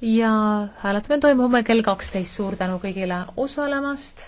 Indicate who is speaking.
Speaker 1: ja hääletamine toimub homme kell kaksteist. suur tänu kõigile osalemast.